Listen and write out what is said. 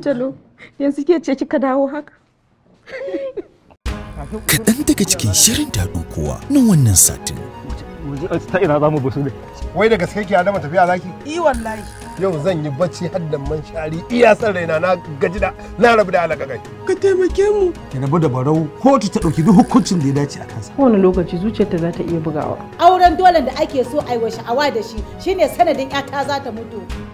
Talo, yanzu ke ce kika dawo haka. Kaɗan daga cikin shirin daɗo kowa na wannan satin. Ta ina za mu basu ne. Wai da gaske ke Adama tafiya zaki? I wallahi. Yau zan yi bacci har da man shari iya san raina na gaji da na rabu da alaƙa kai. Ka taimake mu. Ki na da barau kotu ta ɗauki duk hukuncin da ya dace a kansa. Kowane lokaci zuciyarta za ta iya bugawa. Auren dole da ake so a yi wa sha'awa da shi shine sanadin 'yata za ta mutu.